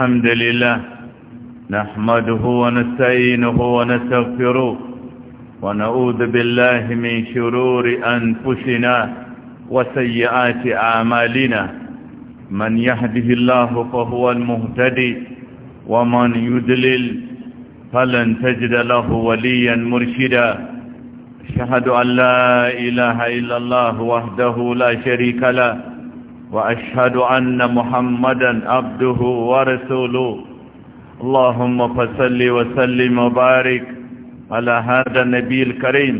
الحمد لله نحمده ونستعينه ونستغفره ونعوذ بالله من شرور أنفسنا وسيئات أعمالنا من يهده الله فهو المهتدي ومن يدلل فلن تجد له وليا مرشدا أشهد أن لا إله إلا الله وحده لا شريك له وأشهد أن محمدا عبده ورسوله اللهم فصل وسلم وبارك على هذا النبي الكريم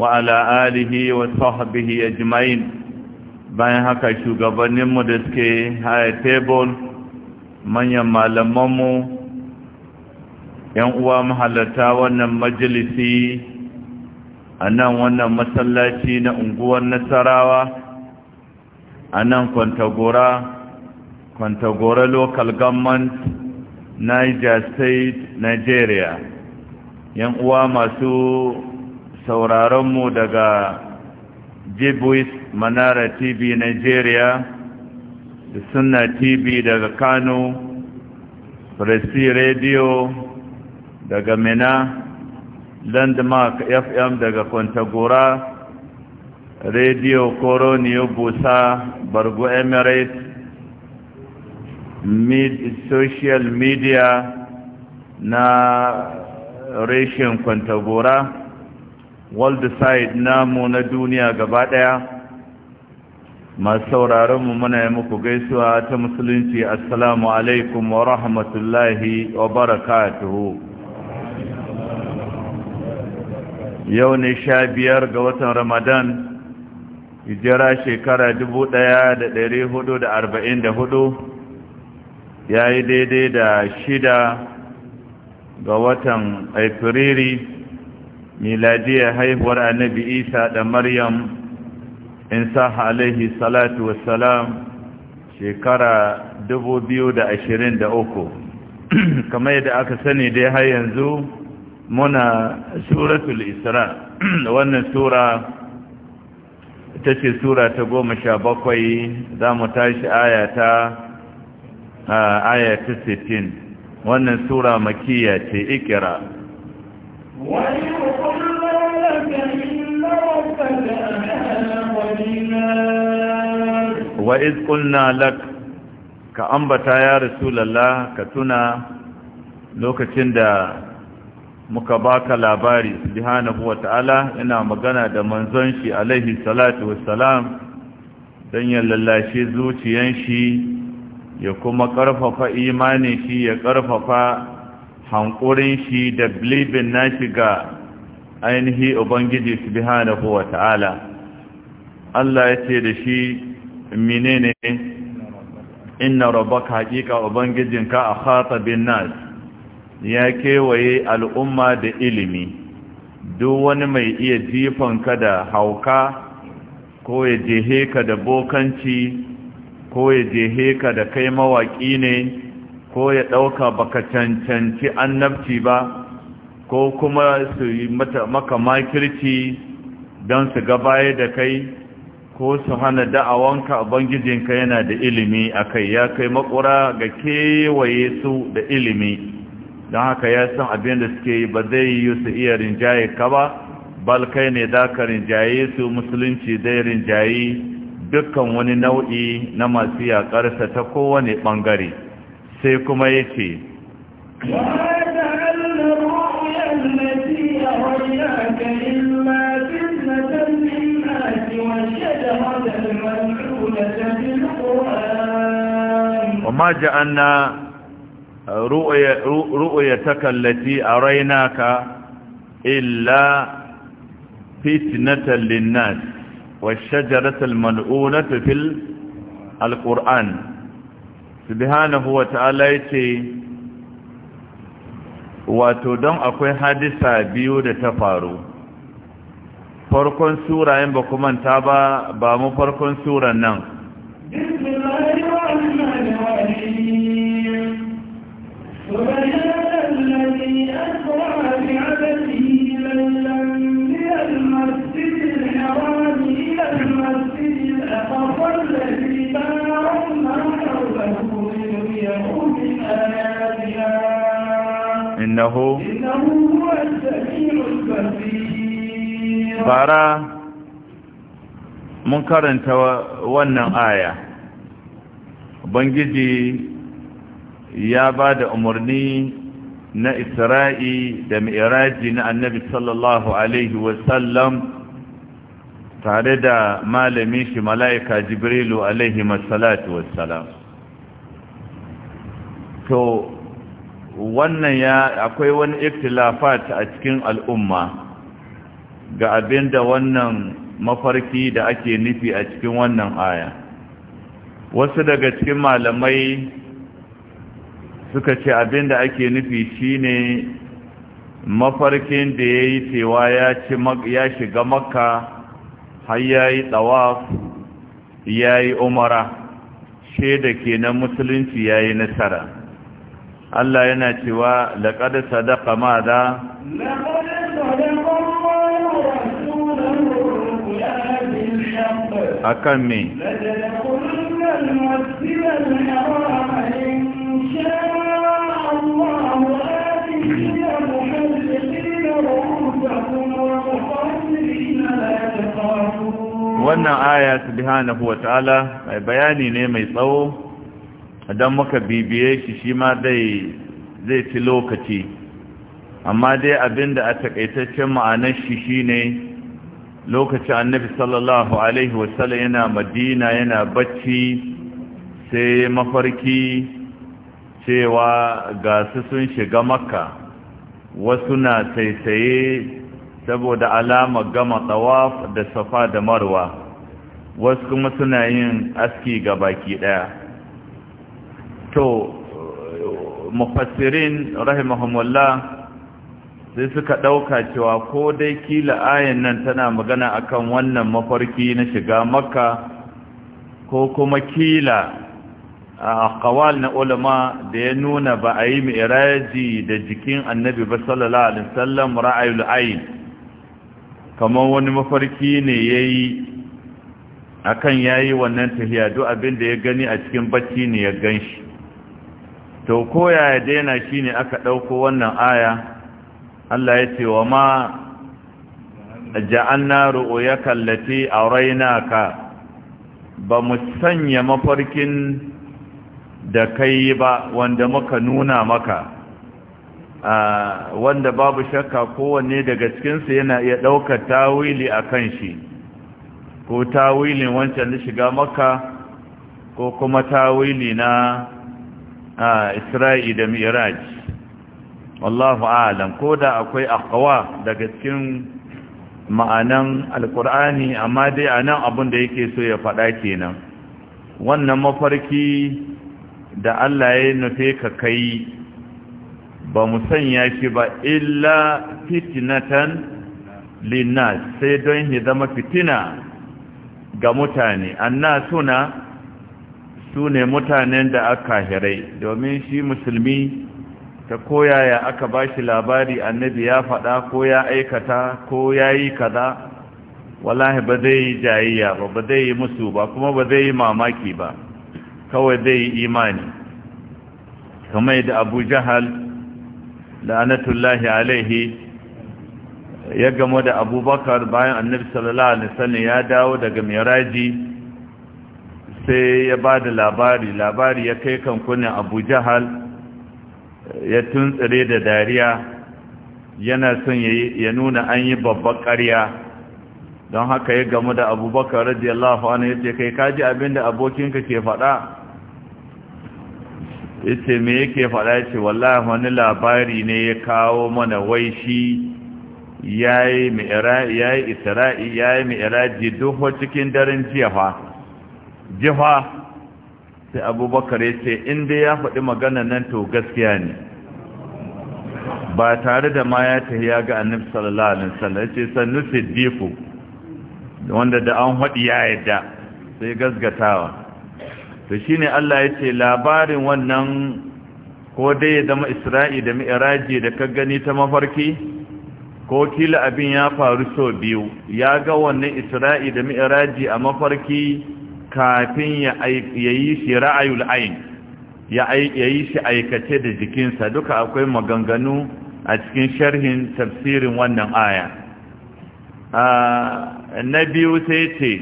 وعلى آله وصحبه أجمعين bayan haka shugabanninmu da suke haya tebul manyan malamanmu yan uwa mahalarta wannan majalisi a nan wannan masallaci na unguwar nasarawa a nan kwantagora kwantagora local government niger state nigeria yan uwa masu sauraronmu daga jibuis manara tv nigeria da suna tv daga kano presi radio daga mina landmark fm daga kwantagora rediyo koro niyobusa bargo emirates mid social media na reshen kwantagora world side namu na duniya gaba daya masu sauraronmu muna yi muku gaisuwa ta musulunci assalamu alaikum wa rahmatullahi wa barakatuhu yau ne sha biyar ga watan ramadan hijira shekara dubu ɗaya da ɗari hudu da arba'in da hudu ya yi daidai da shida ga watan aifiriri miladiyar haihuwar annabi isa da maryam in sa halayhi salatu wassalam shekara dubu biyu da ashirin da uku kamar yadda aka sani dai har yanzu muna suratul isra wannan sura ita ce sura ta goma sha bakwai za mu tashi ayata ayata sittin wannan sura makiya ce ikira wa iz qulna lak ka ambata ya rasulullah ka tuna lokacin da muka baka labari subhanahu ta'ala ina magana da manzon shi alaihi salatu wassalam dan ya lallashi zuciyan shi ya kuma karfafa imanin shi ya karfafa hankurin shi da bilibin nashi ga ainihi ubangiji subhanahu ta'ala. Allah ya ce da shi menene inna rabbaka haqiqa ubangijinka a bin nas ya kewaye al'umma da ilimi duk wani mai iya jifan ka da hauka ko ya jehe ka da bokanci ko ya jehe ka da kai mawaƙi ne ko ya ɗauka baka cancanci annabci ba ko kuma su yi maka makirci don su gabaye da kai ko su hana da'awanka abangijinka yana da ilimi a kai ya kai makura ga kewaye su da ilimi don haka ya san abin da suke yi ba zai yi su iya rinjaye ka ba bal kai ne za ka rinjaye su musulunci zai rinjaye dukkan wani nau'i na masu yaƙarsa ta kowane ɓangare sai kuma ya ce وما جعلنا ru'yataka allati araynaka illa fitnatan lin-nas wash-shajarata al fil al subhanahu wa ta'ala yace wato don akwai hadisa biyu da ta faru farkon sura in ba kuma ta ba ba mu farkon suran nan وبهذا الذي أسرع بعبده ليلا من المسجد الحرام إلى المسجد الأقصى الذي باركنا حوله لنريه من آياتنا إنه إنه هو السميع البصير bara mun karanta wannan aya ubangiji ya ba da umarni na isra'i da mi'raji na annabi sallallahu alaihi wasallam tare da malamin shi mala'ika jibrilu alaihi masalatu sallam. to wannan ya akwai wani iftilafat a cikin al'umma ga abinda wannan mafarki da ake nufi a cikin wannan aya wasu daga cikin malamai suka ce abin da ake nufi shi ne mafarkin da ya yi cewa ya shiga makka har ya yi tsawaf ya yi umara shaida kenan musulunci ya yi nasara Allah yana cewa laƙar sadaka ma da a kan me? wannan aya subhanahu wa ta'ala mai bayani ne mai tsawo idan muka bibiye shi shi ma dai zai ci lokaci amma dai abinda a takaitaccen ma'anar shi shine lokacin annabi sallallahu alaihi wasallam yana madina yana bacci sai mafarki cewa ga su sun shiga makka wasu na saisaye saboda alama gama tawaf da safa da marwa wasu kuma suna yin aski ga baki daya to mufassirin rahimahumullah sai suka dauka cewa ko dai kila ayan nan tana magana akan wannan mafarki na shiga makka ko kuma kila a kawal na ulama da ya nuna ba a yi miraji da jikin annabi ba sallallahu alaihi wasallam ra'ayul ayn kamar wani mafarki ne ya yi a kan ya yi wannan tafiya duk abin ya gani a cikin bacci ne ya gan shi to koya ya daina shi ne aka ɗauko wannan aya Allah ya ce wa ma ja'anna ru'uya kallace a raina ka ba mu sanya mafarkin da kai ba wanda muka nuna maka wanda babu shakka kowanne daga cikinsu yana iya ɗaukar tawili a kan shi ko tawilin wancan da shiga maka ko kuma tawili na isra'i da miraj wallahu alam ko da akwai akawa daga cikin ma'anan alkur'ani amma dai a nan abin da yake so ya faɗa kenan wannan mafarki da allah ya nufe ka kai ba mu sanya shi ba illa fitnatan linnas sai don ya zama fitina ga mutane anna suna su mutanen da aka hirai domin shi musulmi ta koyaya aka ba shi labari annabi ya faɗa ko ya aikata ko ya yi kaza wallahi ba zai yi jayayya ba ba zai yi musu ba kuma ba zai yi mamaki ba kawai zai yi imani kamar da abu jahal la'anatullahi alaihi ya gamo da abubakar bayan annabi sallallahu alaihi wasallam ya dawo daga miraji sai ya ba da labari labari ya kai kankunan abu jahal ya tuntsire da dariya yana son ya nuna an yi babbar ƙarya don haka ya gamu da abubakar radiyallahu anhu ya ce kai kaji abinda abokinka ke faɗa yace me yake faɗa ce wallahi wani labari ne ya kawo mana wai shi yayi mi'ra yayi isra'i yayi ji duk cikin daren jiya jiha sai abubakar yace in dai ya faɗi magana nan to gaskiya ne ba tare da ma ya tafi ya ga annabi sallallahu alaihi wasallam yace sannu siddiqu wanda da an haɗi ya yadda sai gaskatawa. to shine Allah ya ce labarin wannan ko dai ya zama isra'i da mi'raji da ka gani ta mafarki ko kila abin ya faru so biyu ya ga wannan isra'i da mi'raji a mafarki kafin ya yi shi ra'ayul ayn ya yi shi aikace da jikinsa duka akwai maganganu a cikin sharhin tafsirin wannan aya ah, na biyu sai ce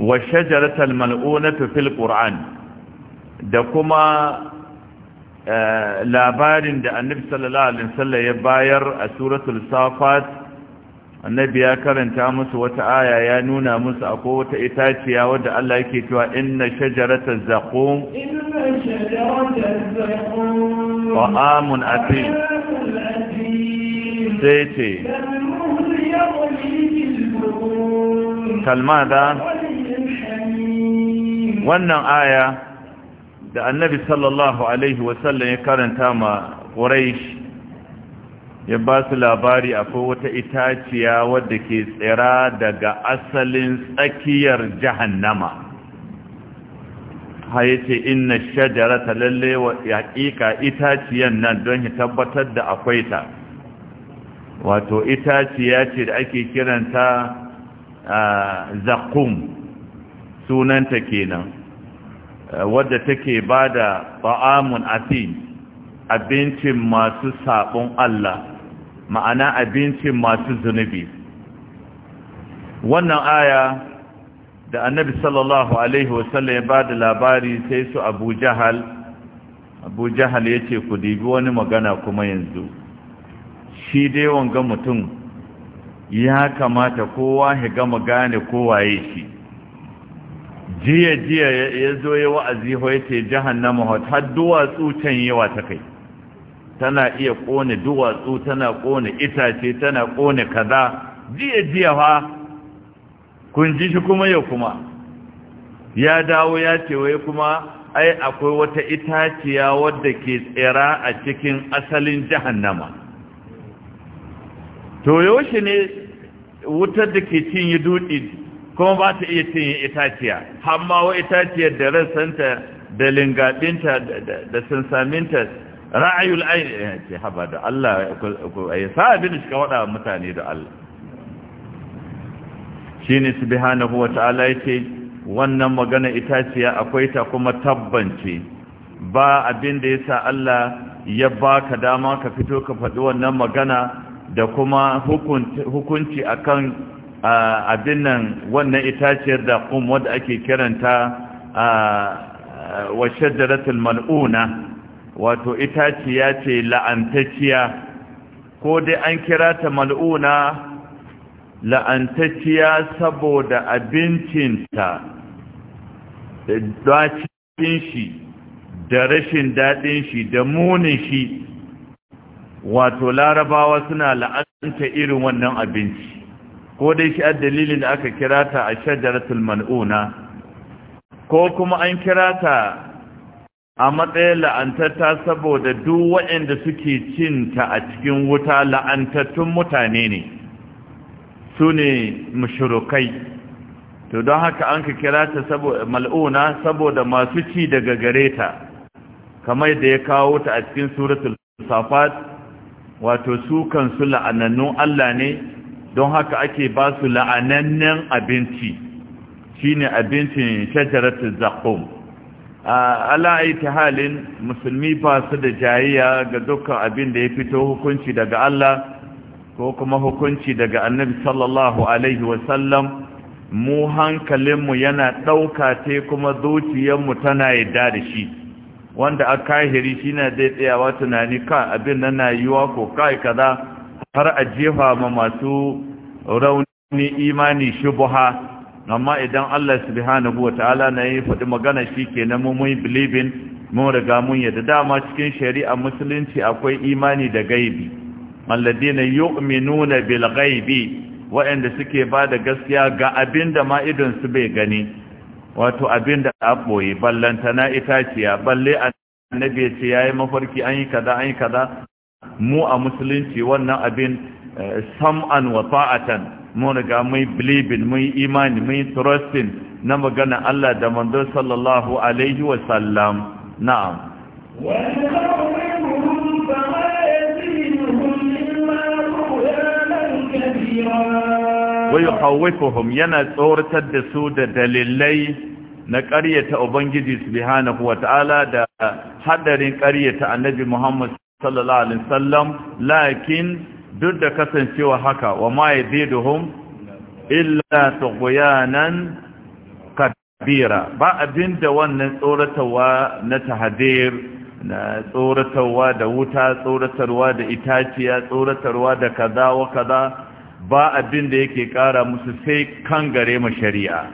والشجرة الملؤونة في القرآن دكما لا بار عند النبي صلى الله عليه وسلم يباير سورة الصافات النبي أكرم تامس وتعايا ينون موسى أقوى تأتيت يا ود الله كتوى إن شجرة الزقوم إن شجرة الزقوم طعام أثيم سيتي كالماذا؟ wannan aya da annabi sallallahu alaihi wasallam ya karanta ma quraish ya ba su labari akwai wata itaciya wadda ke tsira daga asalin tsakiyar jahannama haye ce inna shajarata lalle wa yaƙiƙa itaciyan nan don ya tabbatar da akwai ta wato itaciya ce da ake kiranta ah, zakum sunanta kenan wadda take ba da ba'amun asin abincin masu saɓon Allah ma'ana abincin masu zunubi wannan aya da annabi sallallahu alaihi wasallam ya ba da labari sai su abu jahal abu jahal ya ce ku dibi wani magana kuma yanzu shi dai wanga mutum ya kamata kowa ya gama gane kowa kowaye shi jiya jiya ya zo ya wa'azi ho yace jahannama hot har duwatsu can yawa ta kai tana iya kone duwatsu tana kone itace tana kone kaza jiya jiya fa kun ji shi kuma ya kuma ya dawo ya ce wai kuma ai akwai wata itaciya wadda ke tsira a cikin asalin jahannama to yaushe ne wutar da ke cinye dutse kuma ba ta iya cin itaciya amma wa itaciyar da rassanta da lingabinta da sansaminta ra'ayul aini ya eh, ce haba da Allah ya sa abin da waɗa mutane da Allah shi ne su bihanahu ta'ala ya ce wannan magana itaciya akwai ta kuma tabbance ba abin da ya sa Allah ya ba ka dama ka fito ka faɗi wannan magana da kuma hukunci akan abin nan wannan itaciyar da kum wadda ake kiranta da shajaratul mal'una wato itaciya ce la'antacciya ko dai an kira ta mal'una la'antacciya saboda abincinta da dacin shi da rashin daɗin shi da munin shi wato larabawa suna la'anta irin wannan abinci ko dai shi a dalilin da aka kira ta a shajaratul mal'una ko kuma an kira ta a matsayin la'antata saboda duk waɗanda suke cinta a cikin wuta la'antattun mutane ne su ne mashirukai to don haka an ka kira ta mal'una saboda masu ci daga gare ta kamar da ya kawo ta a cikin suratul safat wato su kansu la'anannun Allah ne don haka ake ba su la'anannen abinci shine abincin shajaratun zakum ala'ayi ta halin musulmi ba su da jayayya ga dukkan abin da ya fito hukunci daga Allah ko kuma hukunci daga annabi sallallahu alaihi wasallam mu hankalinmu yana ɗauka te kuma zuciyarmu tana yadda da shi wanda a kahiri shi na zai tsayawa tunani ka abin nan na yiwa ko kai kaza har a jefa ma masu rauni imani shubuha amma idan Allah subhanahu ta'ala na yi faɗi magana shi ke na mummun bilibin mun riga mun yadda dama cikin shari'a musulunci akwai imani da gaibi alladina yu'minuna bil gaibi waɗanda suke ba da gaskiya ga abin da ma su bai gani wato abinda da a ɓoye ballantana itaciya balle annabi ce ya yi mafarki an yi kaza an yi kaza mu a musulunci wannan abin eh, sam'an wa ta'atan mu riga mai believing mai imani mai trusting na magana Allah da manzo sallallahu alaihi wa sallam na'am wa ويخوفهم yana tsoratar da su da dalilai na ƙaryata ubangiji subhanahu wataala da hadarin ƙaryata annabi Muhammad sallallahu alaihi wasallam lakin duk da kasancewa haka wa ma yaziduhum illa tughyanan kabira ba abin da wannan tsoratawa na tahdir na tsoratawa da wuta tsoratarwa da itaciya tsoratarwa da kaza wa kaza ba abin da yake kara musu sai kan gare ma shari'a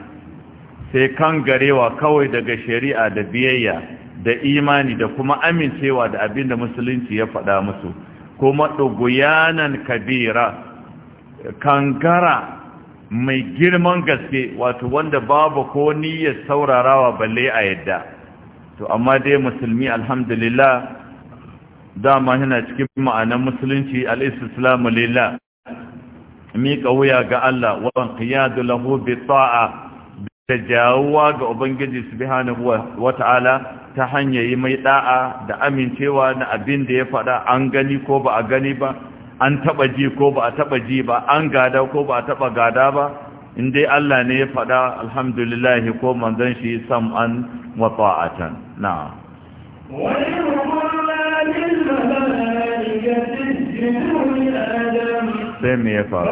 sai kan garewa kawai daga shari'a da biyayya da imani da kuma amincewa da abinda musulunci ya faɗa musu kuma ɗuguyanan kabira kankara mai girman gaske wato wanda babu ko niyyar saurarawa balle a yadda to amma dai musulmi alhamdulillah dama yana cikin ma'anar musulunci al'islamu lillah miƙa wuya ga Allah wa qiyadu lahu bi ta'a da jawuwa ga ubangiji subhanahu wa ta'ala ta hanyar yi mai da'a da amincewa na abin da ya faɗa an gani ko ba a gani ba an taɓa ji ko ba a taɓa ji ba an gada ko ba a taɓa gada ba in dai Allah ne ya faɗa alhamdulillah ko manzon shi sam'an wa ta'atan na'am sai me ya faru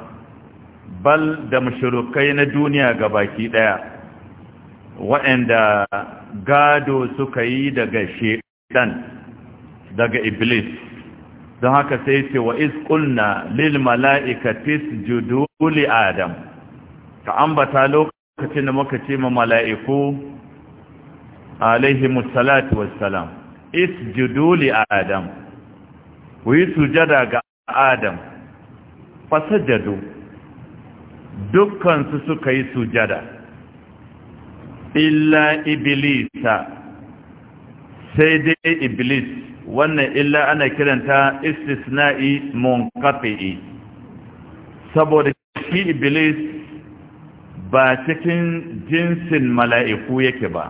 bal da mashirukai na duniya ga baki ɗaya waɗanda gado suka yi daga shedan daga iblis don haka sai ce wa iskulna lil mala'ikatis juduli adam ka ambata lokacin da muka ce ma mala'iku alaihi salatu wassalam isjuduli adam ku yi sujada ga adam fasajadu dukkansu suka yi sujada illa iblisa sai dai iblis wannan illa ana kiranta istisna'i munqati saboda shi iblis ba cikin jinsin mala'iku yake ba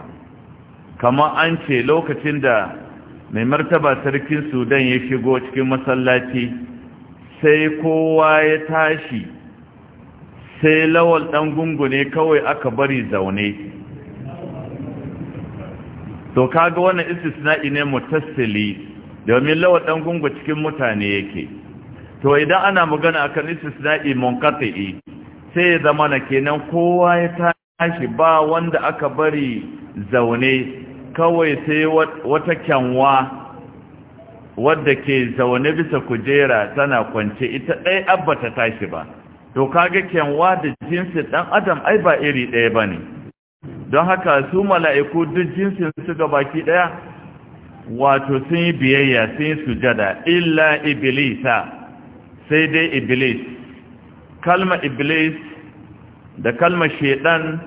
kamar an ce lokacin da mai martaba sarkin sudan ya shigo cikin masallaci sai kowa ya tashi sai lawal ɗan gungune kawai aka bari zaune to kaga wannan istisna'i ne mutassili domin lawal ɗan gungu cikin mutane yake to idan ana magana akan istisna'i munqati sai ya zama na kenan kowa ya tashi ba wanda aka bari zaune kawai sai wata kyanwa wadda ke zaune bisa kujera tana kwance ita ɗai abba ta tashi ba to kage kyanwa da jinsin dan adam ai ba iri ɗaya bane don haka su mala'iku duk jinsin su ga baki ɗaya wato sun yi biyayya sun yi sujada illa iblisa sai dai iblis kalma iblis da kalma shedan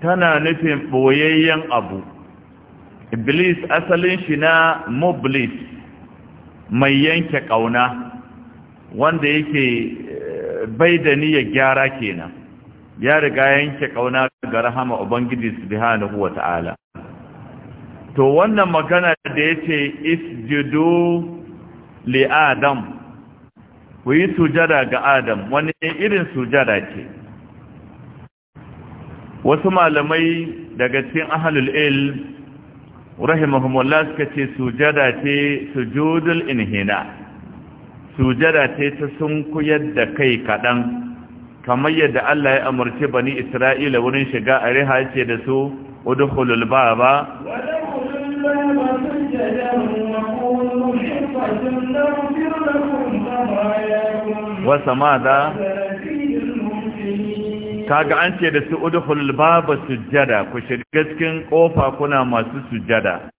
tana nufin boyayyen abu iblis asalin shi na mublis mai yanke kauna wanda yake bai da niyyar gyara kenan ya riga yanke kauna ga rahama ubangiji subhanahu wata'ala to wannan magana da yace isjudu li adam ku yi sujada ga adam wani irin sujada ce wasu malamai daga cikin ahlul ilm rahimahumullah suka ce sujada ce sujudul inhina sujada ta ta sun sunkuyar da kai kaɗan kamar yadda Allah ya amurci bani Isra'ila wurin shiga a riha ce da su udkhulul baba wasa ma kaga an ce da su udkhulul baba sujada ku shiga cikin kofa kuna masu sujada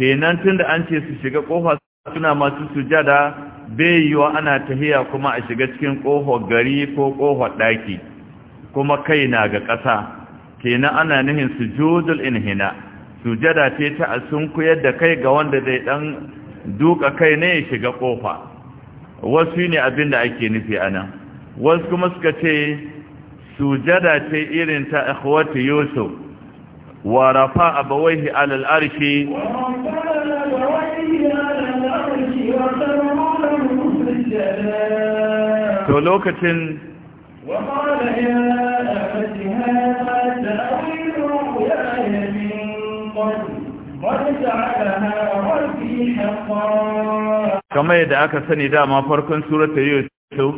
kenan tunda an ce su shiga kofa suna masu sujada bai yiwa ana tahiya kuma a shiga cikin ƙofar gari ko ƙofar ɗaki kuma kai na ga ƙasa kenan ana nihin sujudul inhina sujada ce ta a sunkuyar da kai ga wanda zai ɗan duka kai ne ya shiga ƙofa wasu ne abin da ake nufi a nan wasu kuma suka ce sujada ce irin ta ikhwatu yusuf wa rafa abawaihi alal arshi wa rafa abawaihi alal to lokacin وقال يا أبت هذا تأويل رؤياي من قبل قد جعلها ربي حقا kamar yadda aka sani dama farkon surata yusuf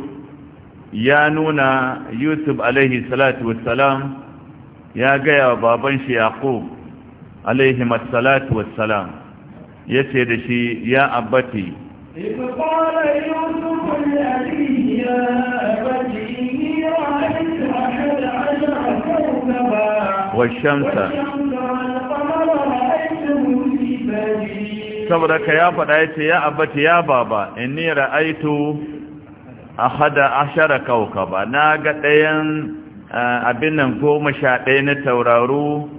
ya nuna yusuf alaihi salatu wassalam ya gaya wa baban shi yaqub alaihi salatu wassalam ya ce da shi ya abbati إذ قال يوسف لأبيه يا أبت إني رأيت أحد عشر كوكبا والشمس والقمر رأيتهم في سبيل saboda ka ya faɗa ya ce ya abati ya baba inni ra'aitu ahada ashara kawkaba na ga ɗayan abin nan goma sha ɗaya na tauraro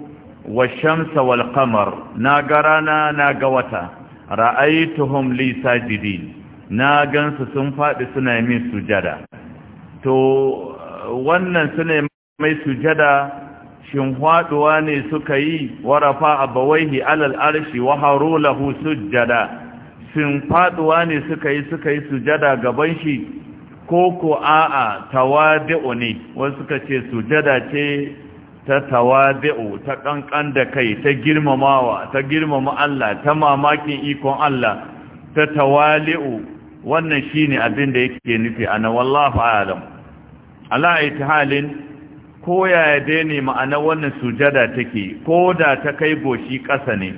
wa shamsa wal qamar na ga rana na ga wata ra'aituhum li sajidin na gansu sun faɗi suna yi min sujada to wannan suna mai sujada shin faɗuwa ne suka yi warafa abawaihi alal arshi wa harulahu sujada shin faɗuwa ne suka yi suka yi sujada gaban shi ko ko a'a tawadi'u ne wasu suka ce sujada ce ta tawabi'u ta ƙanƙan da kai ta girmamawa ta girmama Allah ta mamakin ikon Allah ta tawali'u wannan shine abin da yake nufi ana wallahu alam ala halin ko yaya dai ne ma'ana wannan sujada take ko da ta kai goshi ƙasa ne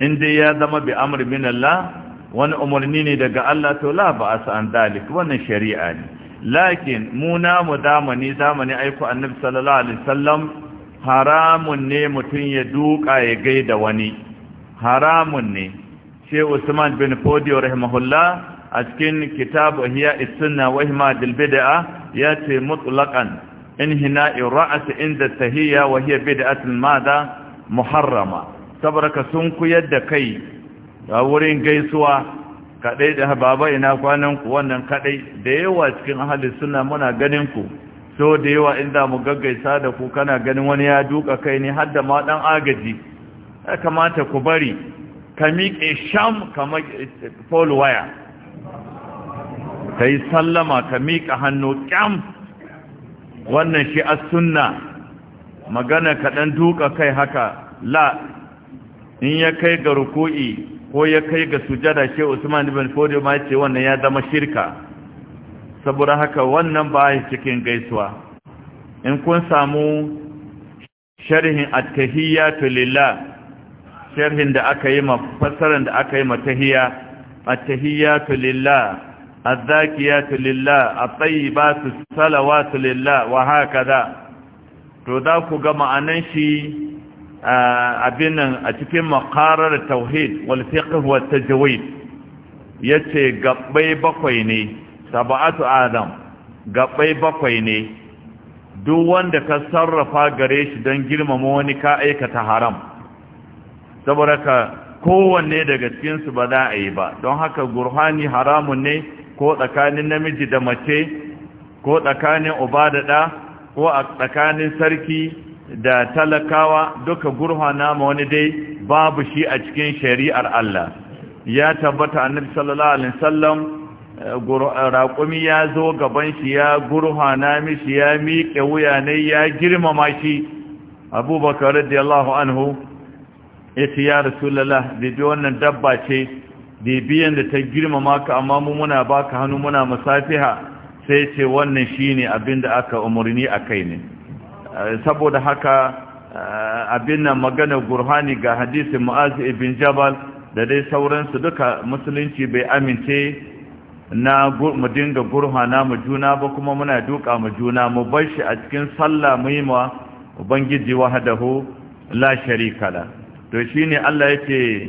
in dai ya zama bi amr min Allah wani umarni ne daga Allah to la ba an dalik wannan shari'a ne lakin mu namu zamani zamani aiko annabi sallallahu alaihi wasallam haramun ne mutum ya duka ya gaida wani haramun ne ce usman bin fodiyo rahimahullah a cikin kitabu hiya isunna wahima hima dilbida'a ya ce mutulakan in hina ra'as inda tahiyya wa hiya bid'atun mada muharrama saboda sun kuyar da kai a wurin gaisuwa kadai da baba ina kwanan ku wannan kadai da yawa cikin ahli sunna muna ganin ku so da yawa inda mu gaggaisa da ku kana ganin wani ya duka kai ne har da ma dan agaji ya kamata ku bari ka miƙe sham kamar pole wire ka yi sallama ka miƙa hannu ƙyam wannan shi a sunna magana ka ɗan duka kai haka la in ya kai ga ruku'i ko ya kai ga sujada shi usman ibn fodi ma ce wannan ya zama shirka saboda haka wannan ba ya cikin gaisuwa in kun samu sharhin at-tahiyyatu lillah sharhin da aka yi mafassaran da aka yi matahiyya at tsayi lillah su Salawa الطيبات wa haka وهكذا to za ku ga ma'anan shi abin nan a cikin makarar tauhid wal fiqh wa tajwid yace gabbai bakwai ne sab'atu adam gabbai bakwai ne duk wanda ka sarrafa gare shi don girmama wani ka aikata haram saboda ka kowanne daga cikinsu ba za a yi ba don haka gurhani haramun ne ko tsakanin namiji da mace ko tsakanin uba da ɗa ko a tsakanin sarki da talakawa duka gurhana ma wani dai babu shi a cikin shari'ar Allah ya tabbata annabi sallallahu alaihi wasallam Eh, raƙumi ya zo gaban shi ya gurhana mishi ya miƙe wuya ne ya girmama shi abubakar radiyallahu anhu ya ce ya rasulallah daidai wannan dabba ce biyan da ta girmama ka amma mu muna baka hannu muna musafiha sai ce wannan shine abin da aka umarni a kai ne eh, saboda haka eh, abin nan magana gurhani ga hadisin mu'azi ibn jabal da dai sauransu duka musulunci bai amince na mu dinga na mu juna ba kuma muna duka mu juna mu bar shi a cikin sallah mu yi ma ubangiji wahdahu la sharika la to shine Allah yake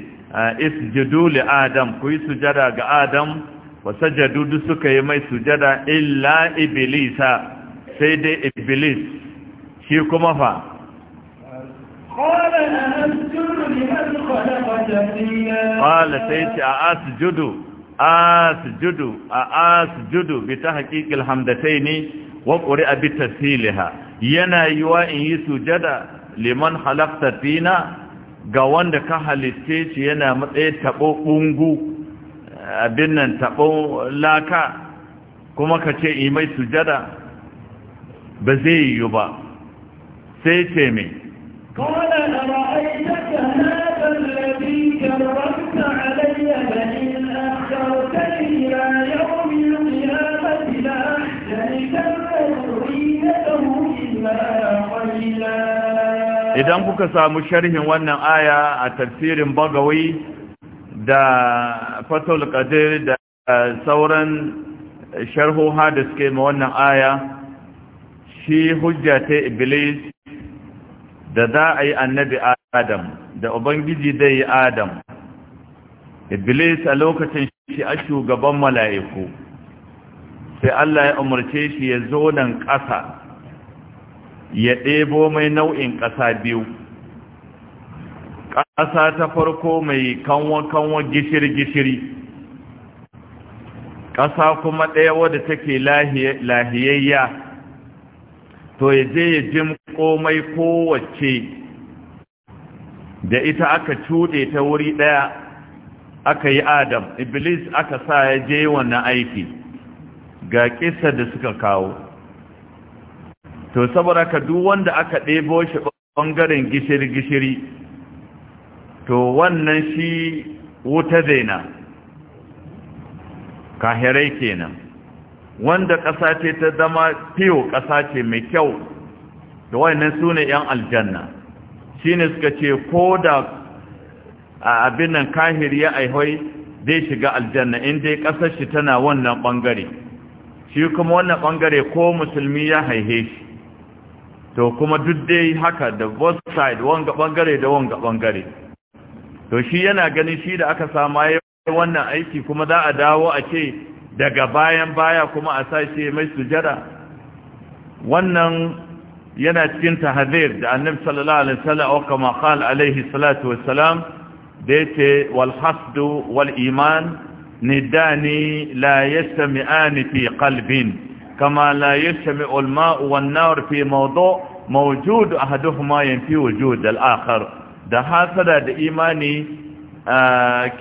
isjudu li adam ku sujada ga adam wa sajadu duk suka yi mai sujada illa iblisa sai dai iblis shi kuma fa qala sai ce a asjudu asjudu a asjudu bi tahqiqil hamdataini wa quri'a bi tasiliha yana wa in yi sujada liman halafta fina ga wanda ka halitte shi yana matsayi tabo bungu abin nan tabo laka kuma ka ce yi mai sujada ba zai yi ba sai ce mai قال أرأيتك هذا الذي كرر idan kuka samu sharhin wannan aya a tafsirin bagawai da fatul qadir da sauran sharhoha da suke ma wannan aya shi hujja ta iblis da za a yi annabi adam da ubangiji da yi adam iblis a lokacin shi a shugaban mala'iku sai Allah ya umarce shi ya zo nan ƙasa ya ɗebo mai nau'in ƙasa biyu ƙasa ta farko mai kanwa-kanwa gishiri-gishiri ƙasa kuma ɗaya wadda take lahiyayya to ya je ya jim komai kowace da ita aka cuɗe ta wuri ɗaya aka yi adam iblis aka sa ya je wannan aiki ga ƙisa da suka kawo to saboda ka duk wanda aka ɗebo shi ɓangaren gishiri-gishiri to wannan shi wuta zaina kahirai kenan wanda ƙasa ce ta zama fiyo ƙasa ce mai kyau da wannan su ne 'yan aljanna shi ne suka ce ko da abin nan kahiri ya aihoi zai shiga aljanna inda ƙasar shi tana wannan ɓangare shi kuma wannan ɓangare ko musulmi ya haihe shi to kuma duk dai haka da both side wanga bangare da wanga bangare to shi yana ganin shi da aka sama ya wannan aiki kuma za a dawo a ce daga bayan baya kuma a sace mai sujada wannan yana cikin tahazir da annabi sallallahu alaihi wasallam aka maqal alaihi salatu wassalam da yace wal hasdu wal iman nidani la yastami'ani fi qalbin kama la yastami'u al ma'u wan nar fi mawdu' mawujudu a haduhuma yanfi wujud da hasada da imani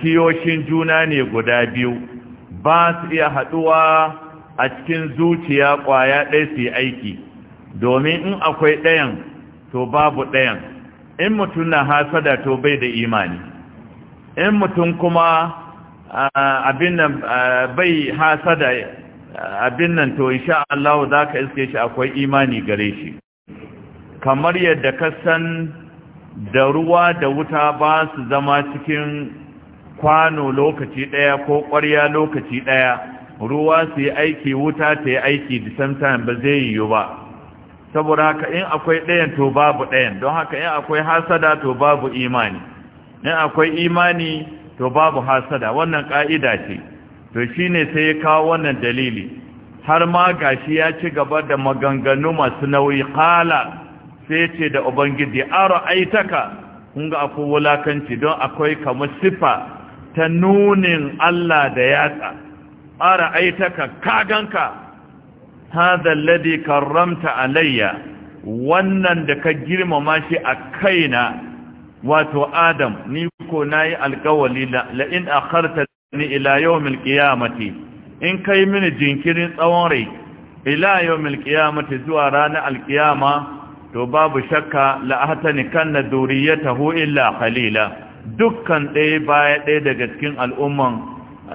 kiyoshin juna ne guda biyu ba su iya haduwa a cikin zuciya kwaya ɗaya su yi aiki domin in akwai ɗayan to babu ɗayan in mutum na hasada to bai da imani in mutum kuma abin nan bai hasada abin nan to insha Allah za ka iske shi akwai imani gare shi kamar yadda ka san da ruwa da wuta ba su zama cikin kwano lokaci ɗaya ko ƙwarya lokaci ɗaya ruwa su yi aiki wuta ta yi aiki da samtan ba zai yiwu ba saboda haka in akwai ɗayan to babu ɗayan don haka in akwai hasada to babu imani in akwai imani to babu hasada wannan ka'ida ce to shi ne sai ya kawo wannan dalili har ma gashi ya ci gaba da maganganu masu nauyi kala sai ce da ubangiji ara aitaka kun ga akwai wulakanci don akwai kamar sifa ta nunin Allah da yatsa ara aitaka kaganka hadha alladhi karramta alayya wannan da ka girmama shi a kaina wato adam ni ko nayi alkawali la in akharta ni ila yawmil qiyamati in kai mini jinkirin tsawon rai ila yawmil qiyamati zuwa ranar alkiyama to babu shakka la'atani kanna duriyatahu illa qalila dukkan ɗaya baya ɗaya daga cikin al'umman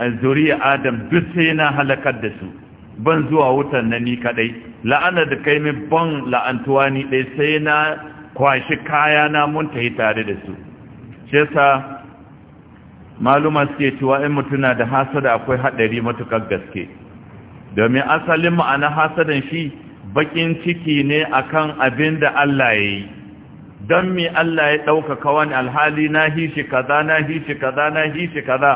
eh, zuriya adam duk sai na halakar da su ban zuwa wutan na ni kadai la'ana da kai min ban la'antuwa ni dai sai na kwashi kaya na mun tahi tare da su shi yasa maluma suke cewa in mutuna da hasada akwai haɗari matukar gaske domin asalin ma'ana hasadan shi bakin ciki ne akan abin da Allah ya yi don me Allah ya ɗaukaka wani alhali na hishi kaza na hishi kaza na hishi kaza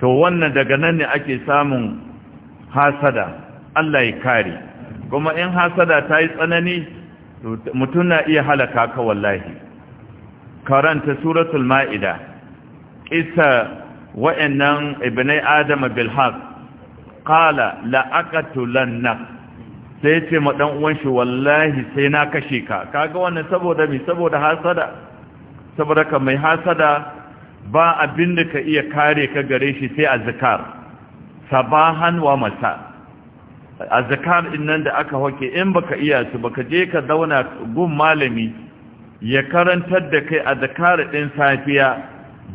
to wannan daga nan ne ake samun hasada Allah ya kare kuma in hasada ta yi tsanani mutum na iya halaka ka wallahi karanta suratul ma'ida isa wa'annan ibnai adama bilhaq qala la'aqatulannaka sai ce ma dan wallahi sai na kashe ka kaga wannan saboda me saboda hasada saboda ka mai hasada ba abin da ka iya kare ka gare shi sai azkar sabahan wa masa azkar din nan da aka hoke in baka iya su baka je ka zauna gun malami ya karantar da kai a zakar ɗin safiya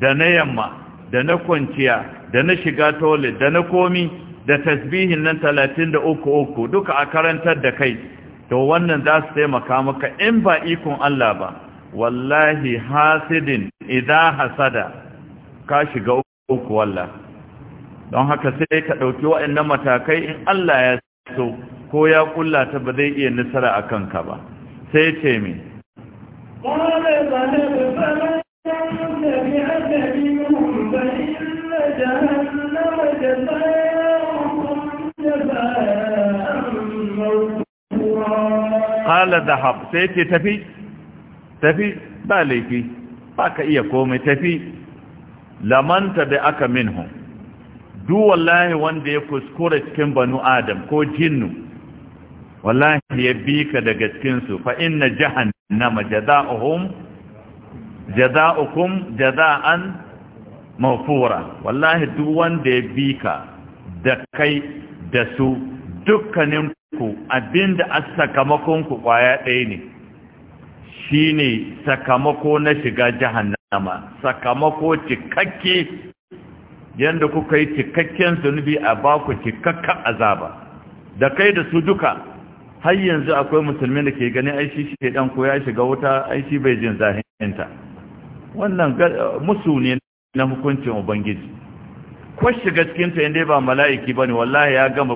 da na yamma da na kwanciya da na shiga toilet da na komi da tasbihin nan talatin da uku duka a karantar da kai to wannan za su taimaka maka in ba ikon Allah ba wallahi hasidin idan hasada ka shiga uku wallah don haka sai ka dauki waɗannan matakai in Allah ya so ko ya ta ba zai iya nasara a kanka ba sai ce mi جهنم qala dhahab sai ce tafi tafi ba laifi ba ka iya komai tafi lamanta da aka minhu duk wallahi wanda ya kuskura cikin banu adam ko jinnu wallahi ya bi ka daga cikinsu fa inna jahannama jaza'uhum jaza'ukum jaza'an mafura wallahi duk wanda ya bi ka da kai da su dukkanin ku abinda a sakamakon ku kwaya ɗaya ne shine sakamako na shiga jahannama sakamako cikakke yanda kuka yi cikakken zunubi a baku cikakken azaba da kai da su duka har yanzu akwai musulmi da ke ganin aishi shi dan ko ya shiga wuta aishi bai jin zahinta wannan musu ne na hukuncin ubangiji ko shiga cikin ta inda ba mala'iki bane wallahi ya gama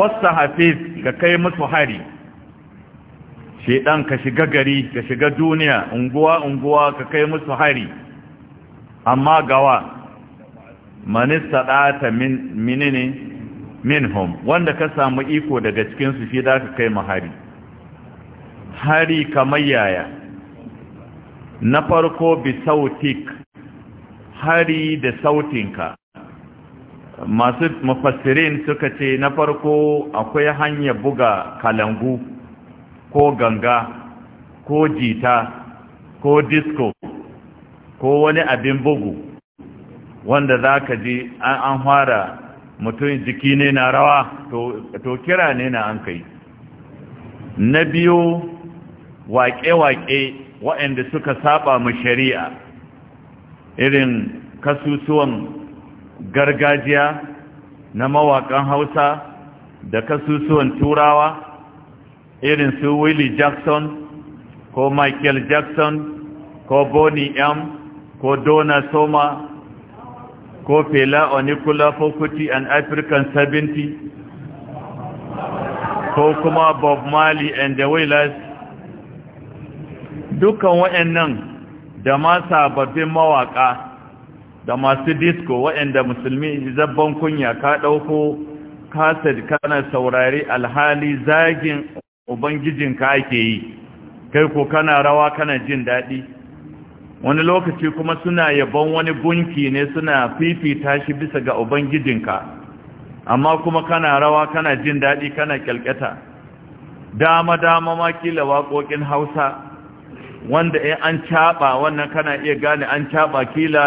wasa hafiz ka kai musu hari shedan ka shiga gari ka shiga duniya unguwa unguwa ka kai musu hari amma gawa manista data min wanda ka samu iko daga cikin su shi da ka kai mu hari hari kamar yaya na farko bi sautik hari da sautinka masu mafassirin suka ce na farko akwai hanya buga kalangu ko ganga ko jita ko disco ko wani abin bugu wanda za ka ji an fara mutum jiki ne na rawa to kira ne na an kai na biyu waƙe-waƙe waɗanda suka saba mu shari'a irin kasusuwan gargajiya na mawakan hausa da kasusuwan turawa irin su willie jackson ko michael jackson ko bonnie m ko donna soma ko fela onikula fokuti and african 70 ko kuma bob marley and the wailers dukkan wa'annan da ma sababbin mawaka da masu disco waɗanda musulmi zabban kunya ka ɗauko kasar kana saurari alhali zagin ubangijin ka ake yi kai ko kana rawa kana jin daɗi wani lokaci kuma suna yabon wani gunki ne suna fifita shi bisa ga ubangijinka amma kuma kana rawa kana jin daɗi kana kyalkyata dama-dama ma kila waƙoƙin hausa wanda in an caɓa wannan kana iya gane an caɓa kila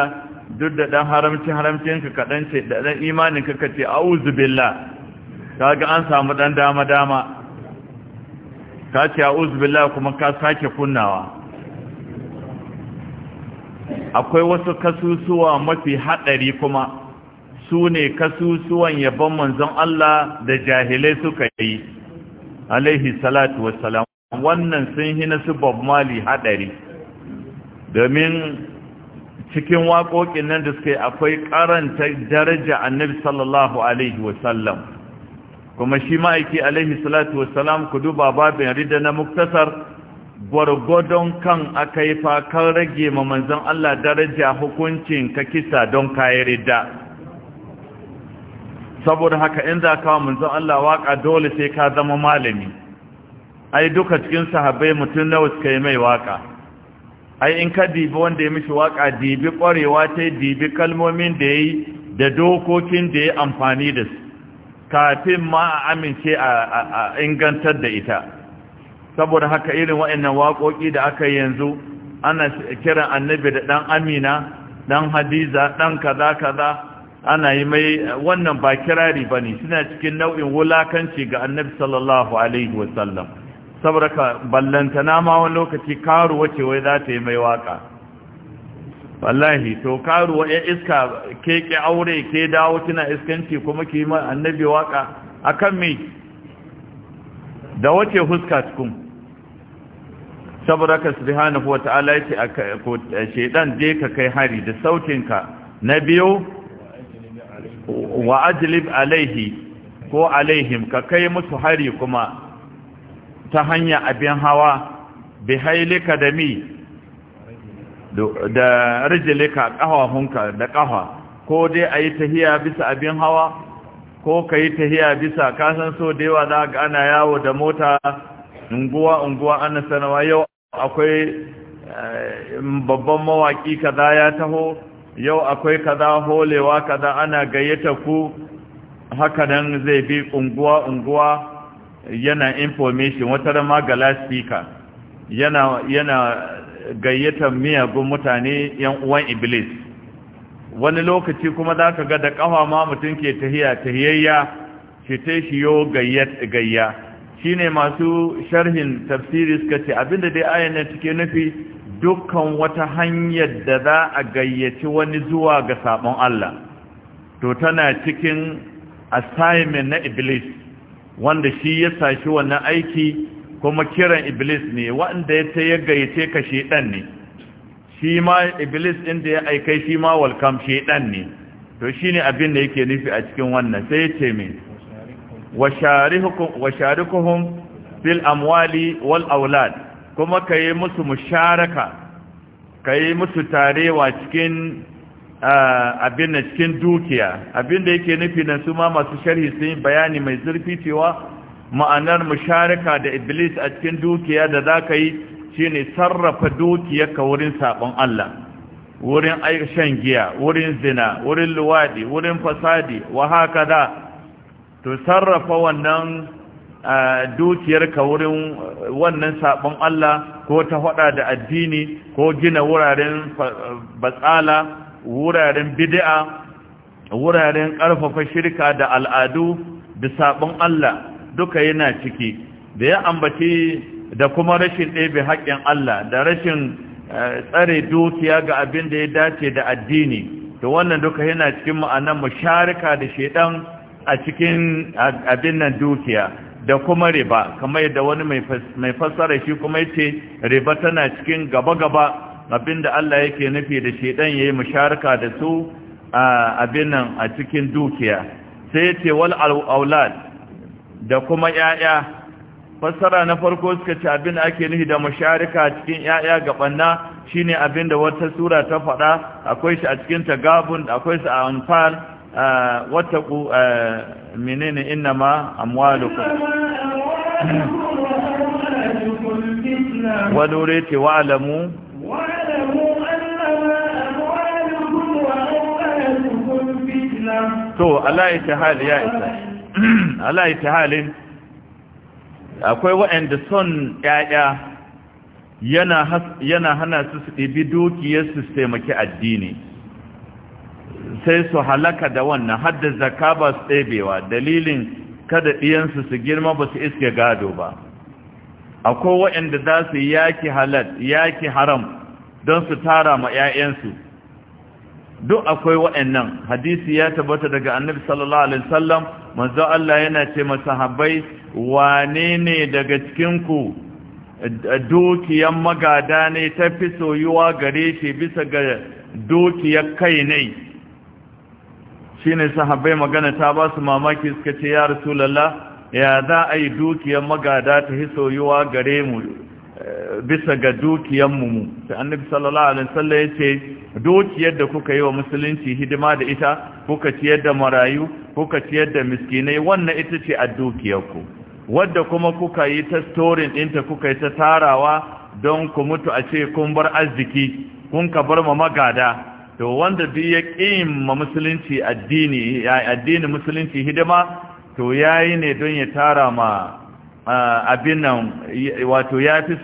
duk da ɗan haramcin haramcinka kaɗan ce da ɗan imaninka ka ce a billah ka ga an samu ɗan dama-dama ka ce a billah kuma ka sake kunnawa akwai wasu kasusuwa mafi haɗari kuma su ne kasusuwan yabon manzon Allah da jahilai suka yi alaihi salatu wassalam wannan sun hina su Bob Mali haɗari domin cikin waƙoƙin nan da suka yi akwai karanta daraja annabi sallallahu alaihi wasallam kuma shi ma'aiki alaihi salatu wasalam ku duba babin rida na muktasar gwargwadon kan aka yi fakar rage ma manzon Allah daraja hukuncin ka kisa don kayi rida saboda haka in za ka manzon Allah waƙa dole sai ka zama malami ai duka cikin sahabbai mutum nawa suka yi mai waƙa ai in ka dibi wanda ya mishi waka dibi kwarewa ta dibi kalmomin da ya yi da dokokin da ya amfani da su kafin ma a amince a ingantar da ita saboda haka irin waannan waƙoƙi da aka yi yanzu ana kiran annabi da ɗan amina ɗan hadiza ɗan kaza kaza ana yi mai wannan ba kirari ba ne suna cikin nau'in wulakanci ga annabi sallallahu alaihi wasallam saboda ka ballantana ma wani lokaci karu wace wai za ta yi mai waka wallahi to karu wa iska ke ke aure ke dawo kina iskanci kuma ki ma annabi waka akan me da wace huska cikin saboda ka subhanahu wata'ala yace shedan je ka kai hari da sautinka na biyo wa ajlib alaihi ko alaihim ka kai musu hari kuma ta hanya abin hawa bi hailika da mi da rijilika ƙahwahunka da ƙahwa ko dai a yi tahiya bisa abin hawa ko ka yi tahiya bisa kasan so da yawa za ga ana yawo da mota unguwa-unguwa ana sanawa yau akwai eh, babban mawaƙi kaza ya taho yau akwai kaza holewa kaza ana gayyata ku haka nan zai bi unguwa-unguwa yana information wata ma ga yana yana gayyatar miyagun mutane yan uwan iblis wani lokaci kuma za ka ga da kafa ma mutum ke tahiya tahiyayya shi ta shiyo gayya shi ne masu sharhin tafsiri suka ce abinda dai ayan nan take nufi dukkan wata hanyar da za a gayyaci wani zuwa ga sabon Allah to tana cikin assignment na iblis wanda shi ya sashi wannan aiki kuma kiran iblis ne wanda ya ya gayyace ka shedan ne shi ma iblis din da ya aikai shi ma welcome shedan ne to shine abin da yake nufi a cikin wannan sai ya ce me washarikuhum fil amwali wal aulad kuma kayi musu musharaka kayi musu tarewa cikin abin na cikin dukiya abin da yake nufi da su ma masu sharhi sun yi bayani mai zurfi cewa ma'anar musharaka da iblis a cikin dukiya da za ka yi shi ne sarrafa ka wurin sabon Allah wurin shan giya wurin zina wurin luwaɗi wurin fasadi wa haka da to sarrafa wannan ka wurin wannan sabon Allah ko ta haɗa da addini ko gina wuraren batsala wuraren bid'a wuraren ƙarfafa shirka da al'adu da sabon Allah duka yana ciki da ya ambaci da kuma rashin ɗebe haƙƙin Allah da rashin eh, tsare dukiya ga abin da ya dace da addini to wannan duka yana cikin ma'anar musharika da shedan a cikin abin nan dukiya da kuma riba kamar yadda wani mai fassara shi kuma yace riba tana cikin gaba-gaba abinda Allah yake nufi da shedan yayi musharaka da su abin nan a cikin dukiya sai yace wal aulad da kuma yaya Fasara na farko suka ce abin ake nufi da musharaka cikin yaya ga banna shine abin da wata sura ta faɗa akwai shi a cikin tagabun akwai shi a anfal wata ku menene innama amwalukum wa nurati wa'lamu to al'a ya hali ya isa halin akwai wa'anda son 'ya'ya yana hana su su ɗibi dukiyar su taimaki addini sai su halaka da wannan har da zakka ba su ɗebewa dalilin kada ɗiyansu su girma ba su iske gado ba akwai wa'anda za su yaki halal yaki haram don su tara ma 'ya'yansu duk akwai waɗannan hadisi ya tabbata daga annabi sallallahu alaihi wasallam manzo Allah yana ce masahabbai wane ne daga cikin ku eh, dukiyan magada ne ta fi soyuwa gare shi bisa ga dukiyar kai ne shine sahabbai magana ta ba su mamaki suka ce ya rasulullah ya za a yi dukiyar magada ta fi soyuwa gare mu eh, bisa ga dukiyar mu sai annabi sallallahu alaihi wasallam ya ce Dukiyar da kuka yi wa musulunci hidima da ita kuka ciyar da marayu kuka ciyar da miskinai wannan ita ce a dukiyarku wadda kuma kuka yi ta storin ɗinta kuka yi ta tarawa don ku mutu a ce kun bar arziki kun ka bar ma magada to wanda duk ya ƙin ma musulunci addini addini musulunci hidima to yayi ne don ya tara ma ah, abin nan wato ya fi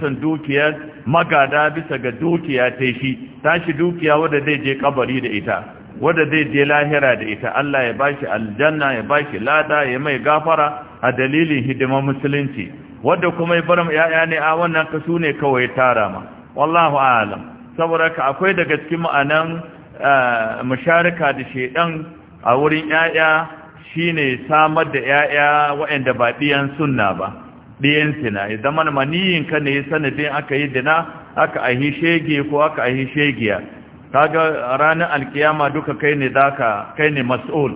son dukiyar magada bisa ga dukiya ta shi tashi dukiya wadda zai je kabari da ita wadda zai je lahira da ita Allah ya bashi aljanna ya bashi lada ya mai gafara a dalilin hidimar musulunci wadda kuma ya bar ya'ya ne a wannan kasu ne kawai tara ma wallahu a'lam saboda ka akwai daga cikin ma'anan eh, musharaka da shedan a wurin ya'ya shine samar da ya'ya waɗanda ba diyan sunna ba ɗiyan na, ya zama maniyin ka ne sanadin aka yi dina aka ahi shege ko aka ahi shegiya kaga ranar alkiyama duka kai ne zaka kai ne mas'ul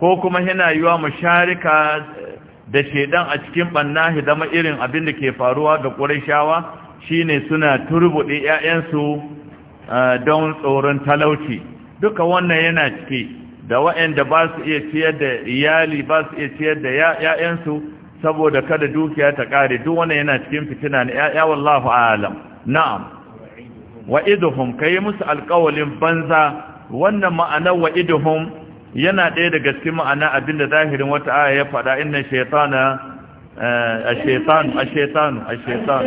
ko kuma yana yiwa musharika da shedan a cikin banna ya zama irin abin da ke faruwa ga ƙurashawa shine suna turbuɗe 'ya'yansu don tsoron talauci duka wannan yana ciki da waɗanda ba su iya ciyar da iyali ba su iya ciyar da 'ya'yansu saboda kada dukiya ta kare duk wannan yana cikin fitina ne ya wallahu alam na'am wa'iduhum kai musu alƙawalin banza wannan ma'anar wa'iduhum yana ɗaya daga cikin ma'ana abinda zahirin wata aya ya faɗa inna shaytana eh, ash-shaytanu ash-shaytanu ash-shaytanu